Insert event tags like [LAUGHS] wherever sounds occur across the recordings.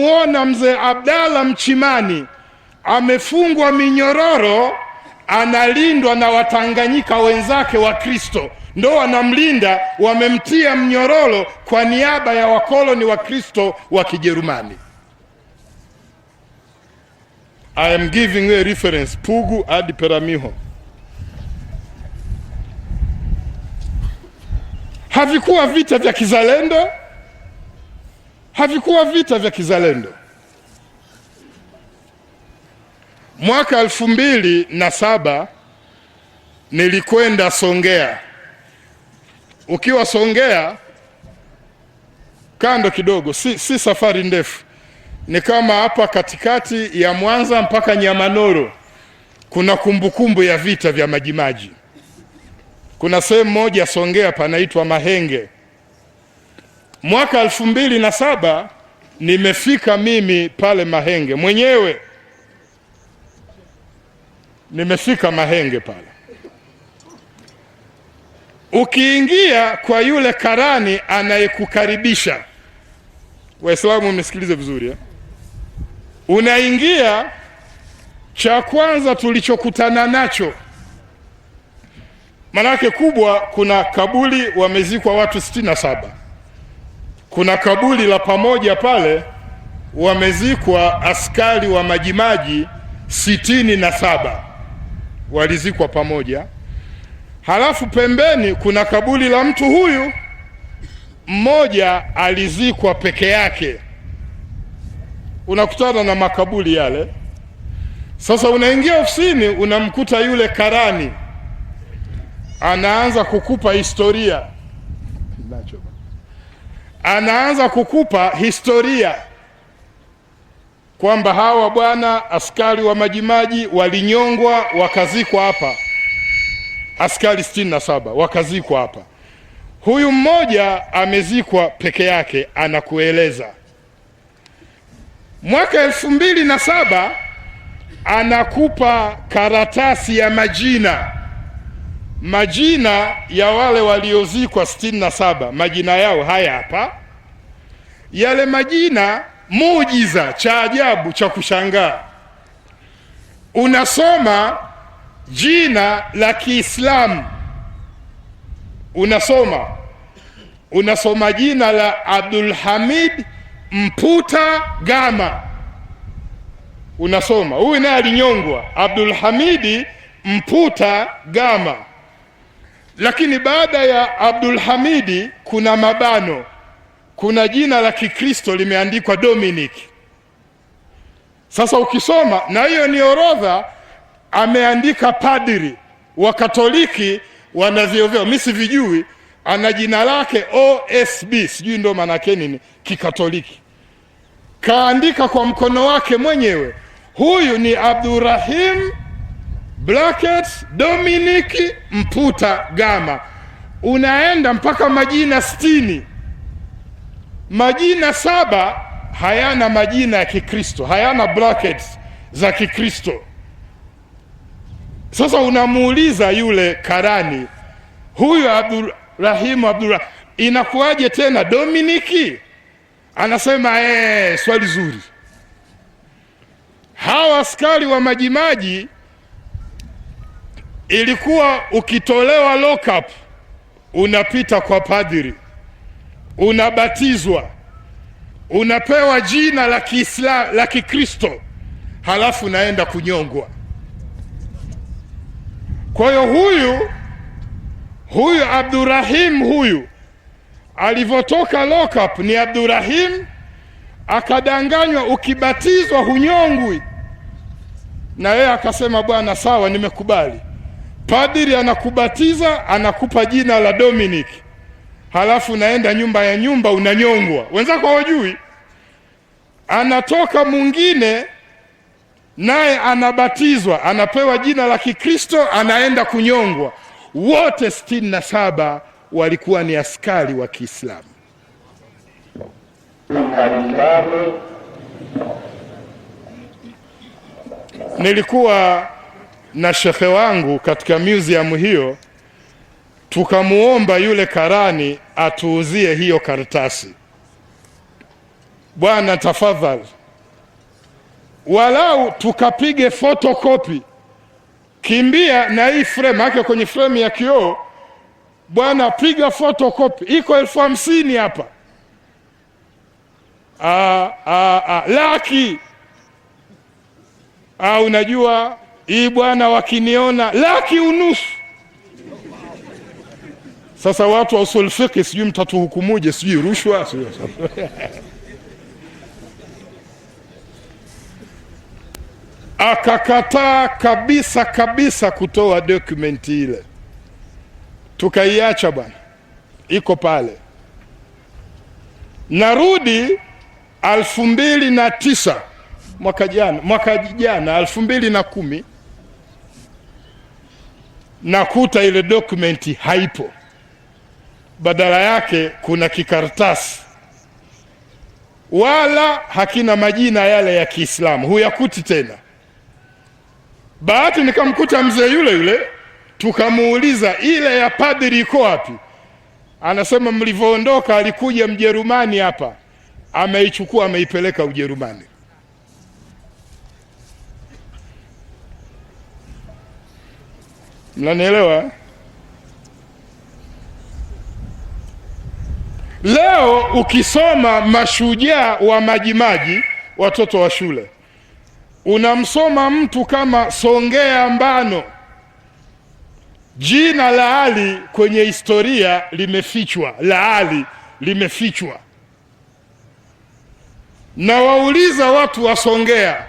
mnamwona mzee Abdalla Mchimani amefungwa minyororo, analindwa na Watanganyika wenzake wa Kristo, ndo wanamlinda, wamemtia mnyororo kwa niaba ya wakoloni wa Kristo wa Kijerumani. I am giving a reference Pugu ad Peramiho. Havikuwa vita vya kizalendo havikuwa vita vya kizalendo. Mwaka elfu mbili na saba nilikwenda Songea. Ukiwa Songea kando kidogo, si, si safari ndefu, ni kama hapa katikati ya Mwanza mpaka Nyamanoro kuna kumbukumbu kumbu ya vita vya Majimaji. Kuna sehemu moja Songea panaitwa Mahenge. Mwaka elfu mbili na saba nimefika mimi pale Mahenge mwenyewe, nimefika Mahenge pale. Ukiingia kwa yule karani anayekukaribisha, Waislamu mnisikilize vizuri eh? Unaingia, cha kwanza tulichokutana nacho maanake kubwa, kuna kaburi wamezikwa watu sitini na saba kuna kaburi la pamoja pale, wamezikwa askari wa Majimaji sitini na saba walizikwa pamoja. Halafu pembeni kuna kaburi la mtu huyu mmoja alizikwa peke yake. Unakutana na makaburi yale. Sasa unaingia ofisini, unamkuta yule karani anaanza kukupa historia anaanza kukupa historia kwamba hawa bwana askari wa Majimaji walinyongwa wakazikwa hapa, askari sitini na saba wakazikwa hapa. Huyu mmoja amezikwa peke yake, anakueleza mwaka elfu mbili na saba anakupa karatasi ya majina majina ya wale waliozikwa sitini na saba majina yao haya hapa, yale majina, muujiza cha ajabu cha kushangaa. Unasoma jina la Kiislamu, unasoma unasoma jina la Abdulhamid Mputa Gama, unasoma huyu naye alinyongwa, Abdulhamidi Mputa Gama lakini baada ya Abdul Hamidi kuna mabano, kuna jina la Kikristo limeandikwa Dominic. Sasa ukisoma na hiyo ni orodha, ameandika padri wa Katoliki wanavyovyo, mimi sivijui, ana jina lake OSB, sijui ndio maana yake nini Kikatoliki, kaandika kwa mkono wake mwenyewe, huyu ni Abdurrahim brackets Dominic Mputa Gama, unaenda mpaka majina sitini. Majina saba hayana majina ya Kikristo, hayana brackets za Kikristo. Sasa unamuuliza yule karani huyu Abdurahimu Abdurah, inakuwaje tena Dominiki? Anasema ee, swali zuri. Hawa askari wa Majimaji ilikuwa ukitolewa lockup unapita kwa padri, unabatizwa, unapewa jina la Kiislamu la Kikristo, halafu naenda kunyongwa. Kwa hiyo huyu huyu Abdurahim huyu alivyotoka lockup ni Abdurahim, akadanganywa ukibatizwa hunyongwi, na yeye akasema bwana, sawa, nimekubali. Padri anakubatiza anakupa jina la Dominic, halafu naenda nyumba ya nyumba unanyongwa, wenzako hawajui. Anatoka mwingine naye anabatizwa, anapewa jina la Kikristo, anaenda kunyongwa. Wote sitini na saba walikuwa ni askari wa Kiislamu. Nilikuwa na shekhe wangu katika museum hiyo, tukamwomba yule karani atuuzie hiyo karatasi, bwana tafadhali, walau tukapige photocopy. kimbia na hii frame yake kwenye frame ya kioo, bwana piga photocopy, iko elfu hamsini hapa, ah, ah, ah, laki. Unajua hii bwana, wakiniona laki unusu. Sasa watu wa usul fiqh, sijui mtatuhukumuje, sijui rushwa, sijui [LAUGHS] akakataa kabisa kabisa kutoa dokumenti ile, tukaiacha bwana, iko pale. Narudi alfu mbili na tisa mwaka jana, mwaka jana elfu mbili na kumi nakuta ile dokumenti haipo, badala yake kuna kikaratasi, wala hakina majina yale ya Kiislamu, huyakuti tena. Bahati nikamkuta mzee yule yule, tukamuuliza ile ya padri iko wapi? Anasema mlivyoondoka alikuja Mjerumani hapa, ameichukua ameipeleka Ujerumani. Mnanielewa? Leo ukisoma mashujaa wa Majimaji, watoto wa shule, unamsoma mtu kama Songea Mbano, jina la Ali kwenye historia limefichwa, la Ali limefichwa. Na wauliza watu wa Songea,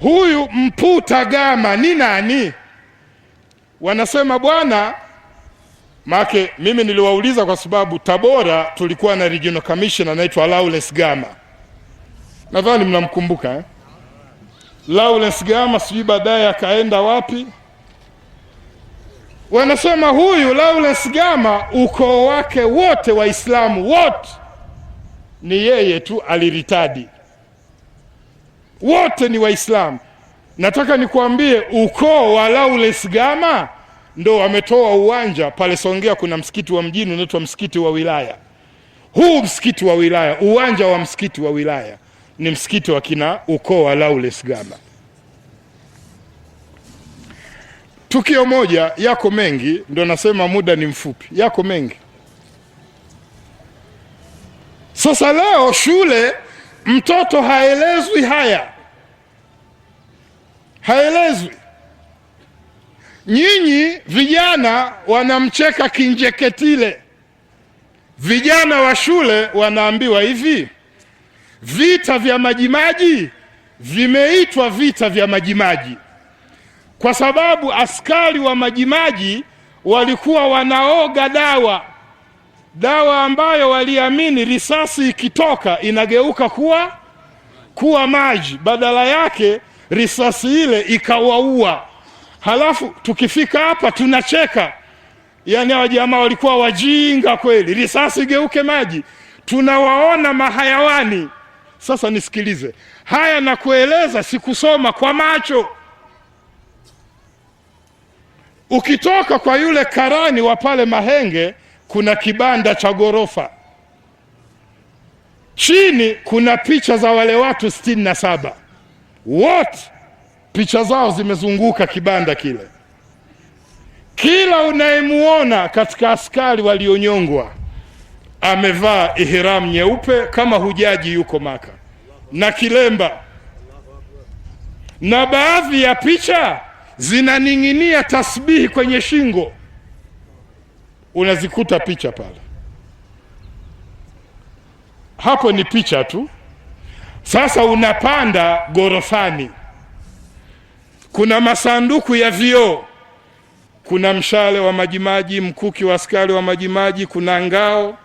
huyu Mputa Gama ni nani? wanasema bwana make, mimi niliwauliza kwa sababu Tabora tulikuwa na regional commissioner anaitwa Lawrence Gama, nadhani mnamkumbuka eh? Lawrence Gama sijui baadaye akaenda wapi. Wanasema huyu Lawrence Gama ukoo wake wote Waislamu wote ni yeye tu aliritadi, wote ni Waislamu. Nataka nikuambie ukoo wa Lawrence Gama ndo wametoa uwanja pale Songea. Kuna msikiti wa mjini unaitwa msikiti wa wilaya. Huu msikiti wa wilaya, uwanja wa msikiti wa wilaya ni msikiti wa kina ukoo wa Lawrence Gama. Tukio moja, yako mengi, ndo nasema muda ni mfupi, yako mengi. Sasa leo shule mtoto haelezwi haya haelezwi. Nyinyi vijana wanamcheka Kinjeketile, vijana wa shule wanaambiwa hivi, vita vya Majimaji vimeitwa vita vya Majimaji kwa sababu askari wa Majimaji walikuwa wanaoga dawa, dawa ambayo waliamini risasi ikitoka inageuka kuwa kuwa maji, badala yake risasi ile ikawaua. Halafu tukifika hapa tunacheka, yaani hawa jamaa walikuwa wajinga kweli, risasi igeuke maji. Tunawaona mahayawani. Sasa nisikilize haya na kueleza, sikusoma kwa macho. Ukitoka kwa yule karani wa pale Mahenge kuna kibanda cha ghorofa, chini kuna picha za wale watu sitini na saba wote picha zao zimezunguka kibanda kile. Kila unayemuona katika askari walionyongwa amevaa ihram nyeupe kama hujaji yuko Maka na kilemba, na baadhi ya picha zinaning'inia tasbihi kwenye shingo, unazikuta picha pale. Hapo ni picha tu. Sasa unapanda gorofani, kuna masanduku ya vioo, kuna mshale wa majimaji, mkuki wa askari wa majimaji, kuna ngao.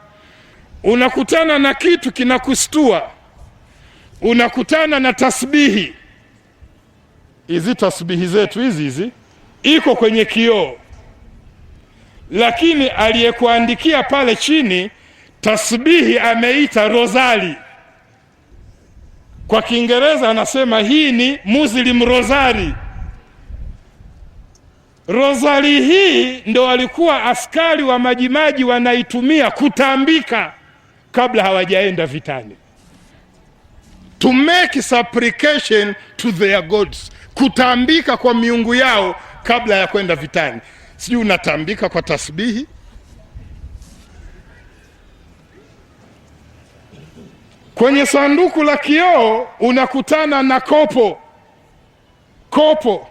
Unakutana na kitu kinakustua, unakutana na tasbihi. Hizi tasbihi zetu hizi hizi iko kwenye kioo, lakini aliyekuandikia pale chini tasbihi ameita rozali kwa Kiingereza anasema hii ni Muslim Rosary. Rosari hii ndo walikuwa askari wa Majimaji wanaitumia kutambika kabla hawajaenda vitani, to make supplication to their gods, kutambika kwa miungu yao kabla ya kwenda vitani. Sijui unatambika kwa tasbihi, Kwenye sanduku la kioo unakutana na kopo, kopo,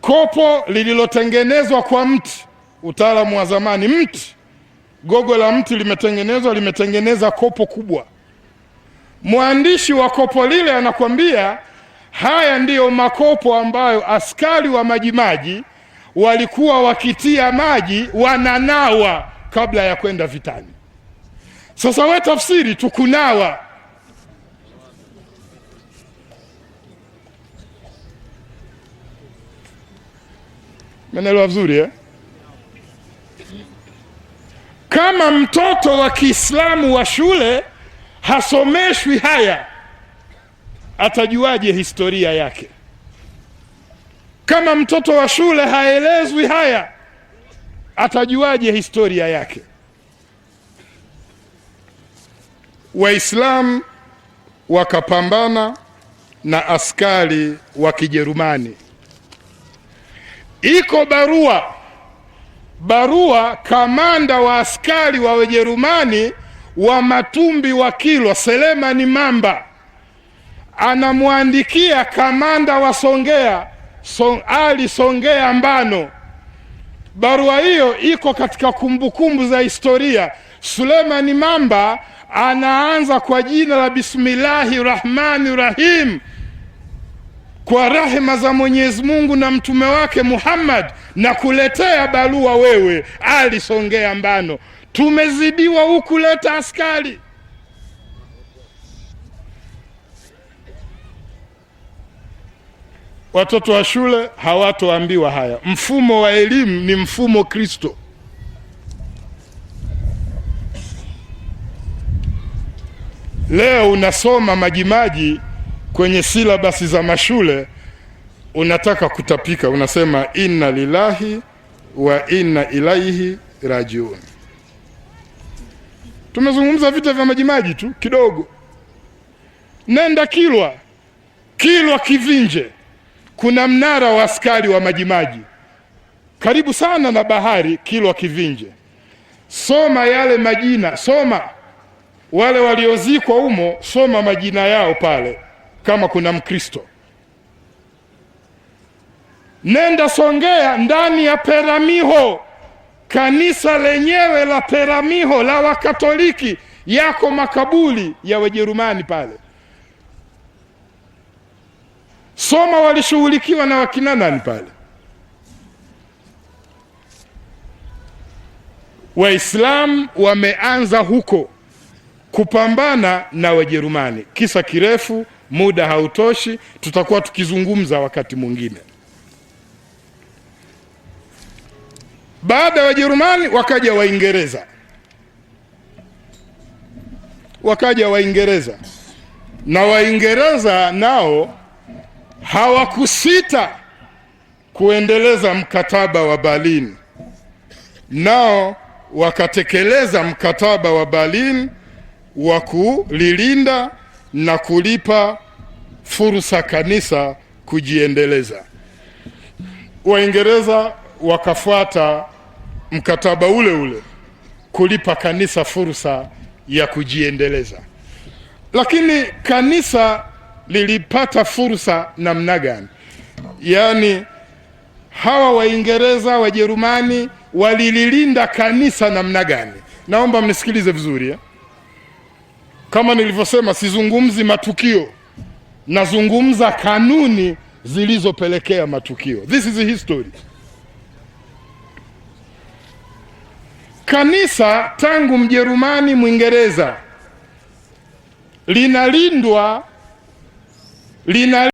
kopo lililotengenezwa kwa mti. Utaalamu wa zamani, mti, gogo la mti limetengenezwa, limetengeneza kopo kubwa. Mwandishi wa kopo lile anakwambia haya ndiyo makopo ambayo askari wa majimaji walikuwa wakitia maji wananawa kabla ya kwenda vitani. Sasa we tafsiri tukunawa, menelewa vizuri eh? Kama mtoto wa Kiislamu wa shule hasomeshwi haya, atajuaje historia yake? Kama mtoto wa shule haelezwi haya, atajuaje historia yake? Waislamu wakapambana na askari wa Kijerumani. Iko barua barua, kamanda wa askari wa wajerumani wa Matumbi wa Kilwa Selemani Mamba anamwandikia kamanda wa Songea Song, Ali Songea Mbano. Barua hiyo iko katika kumbukumbu kumbu za historia. Suleimani Mamba anaanza kwa jina la bismillahi rahmani rahim, kwa rehema za Mwenyezi Mungu na mtume wake Muhammad, na kuletea barua wewe Ali Songea Mbano, tumezidiwa, hukuleta askari. Watoto wa shule hawatoambiwa haya. Mfumo wa elimu ni mfumo Kristo. Leo unasoma majimaji kwenye silabasi za mashule, unataka kutapika, unasema inna lillahi wa inna ilaihi rajiun. Tumezungumza vita vya majimaji tu kidogo. Nenda Kilwa, Kilwa Kivinje, kuna mnara wa askari wa majimaji karibu sana na bahari. Kilwa Kivinje, soma yale majina, soma wale waliozikwa humo, soma majina yao pale kama kuna Mkristo. Nenda Songea, ndani ya Peramiho, kanisa lenyewe la Peramiho la Wakatoliki, yako makaburi ya Wajerumani pale. Soma walishughulikiwa na wakina nani pale. Waislamu wameanza huko kupambana na Wajerumani. Kisa kirefu, muda hautoshi, tutakuwa tukizungumza wakati mwingine. Baada ya Wajerumani wakaja Waingereza, wakaja Waingereza na Waingereza nao hawakusita kuendeleza mkataba wa Berlin, nao wakatekeleza mkataba wa Berlin wa kulilinda na kulipa fursa kanisa kujiendeleza. Waingereza wakafuata mkataba ule ule kulipa kanisa fursa ya kujiendeleza. Lakini kanisa lilipata fursa namna gani? Yaani hawa Waingereza, Wajerumani walililinda kanisa namna gani? Naomba mnisikilize vizuri eh? Kama nilivyosema, sizungumzi matukio, nazungumza kanuni zilizopelekea matukio. This is history. Kanisa tangu Mjerumani Mwingereza linalindwa lina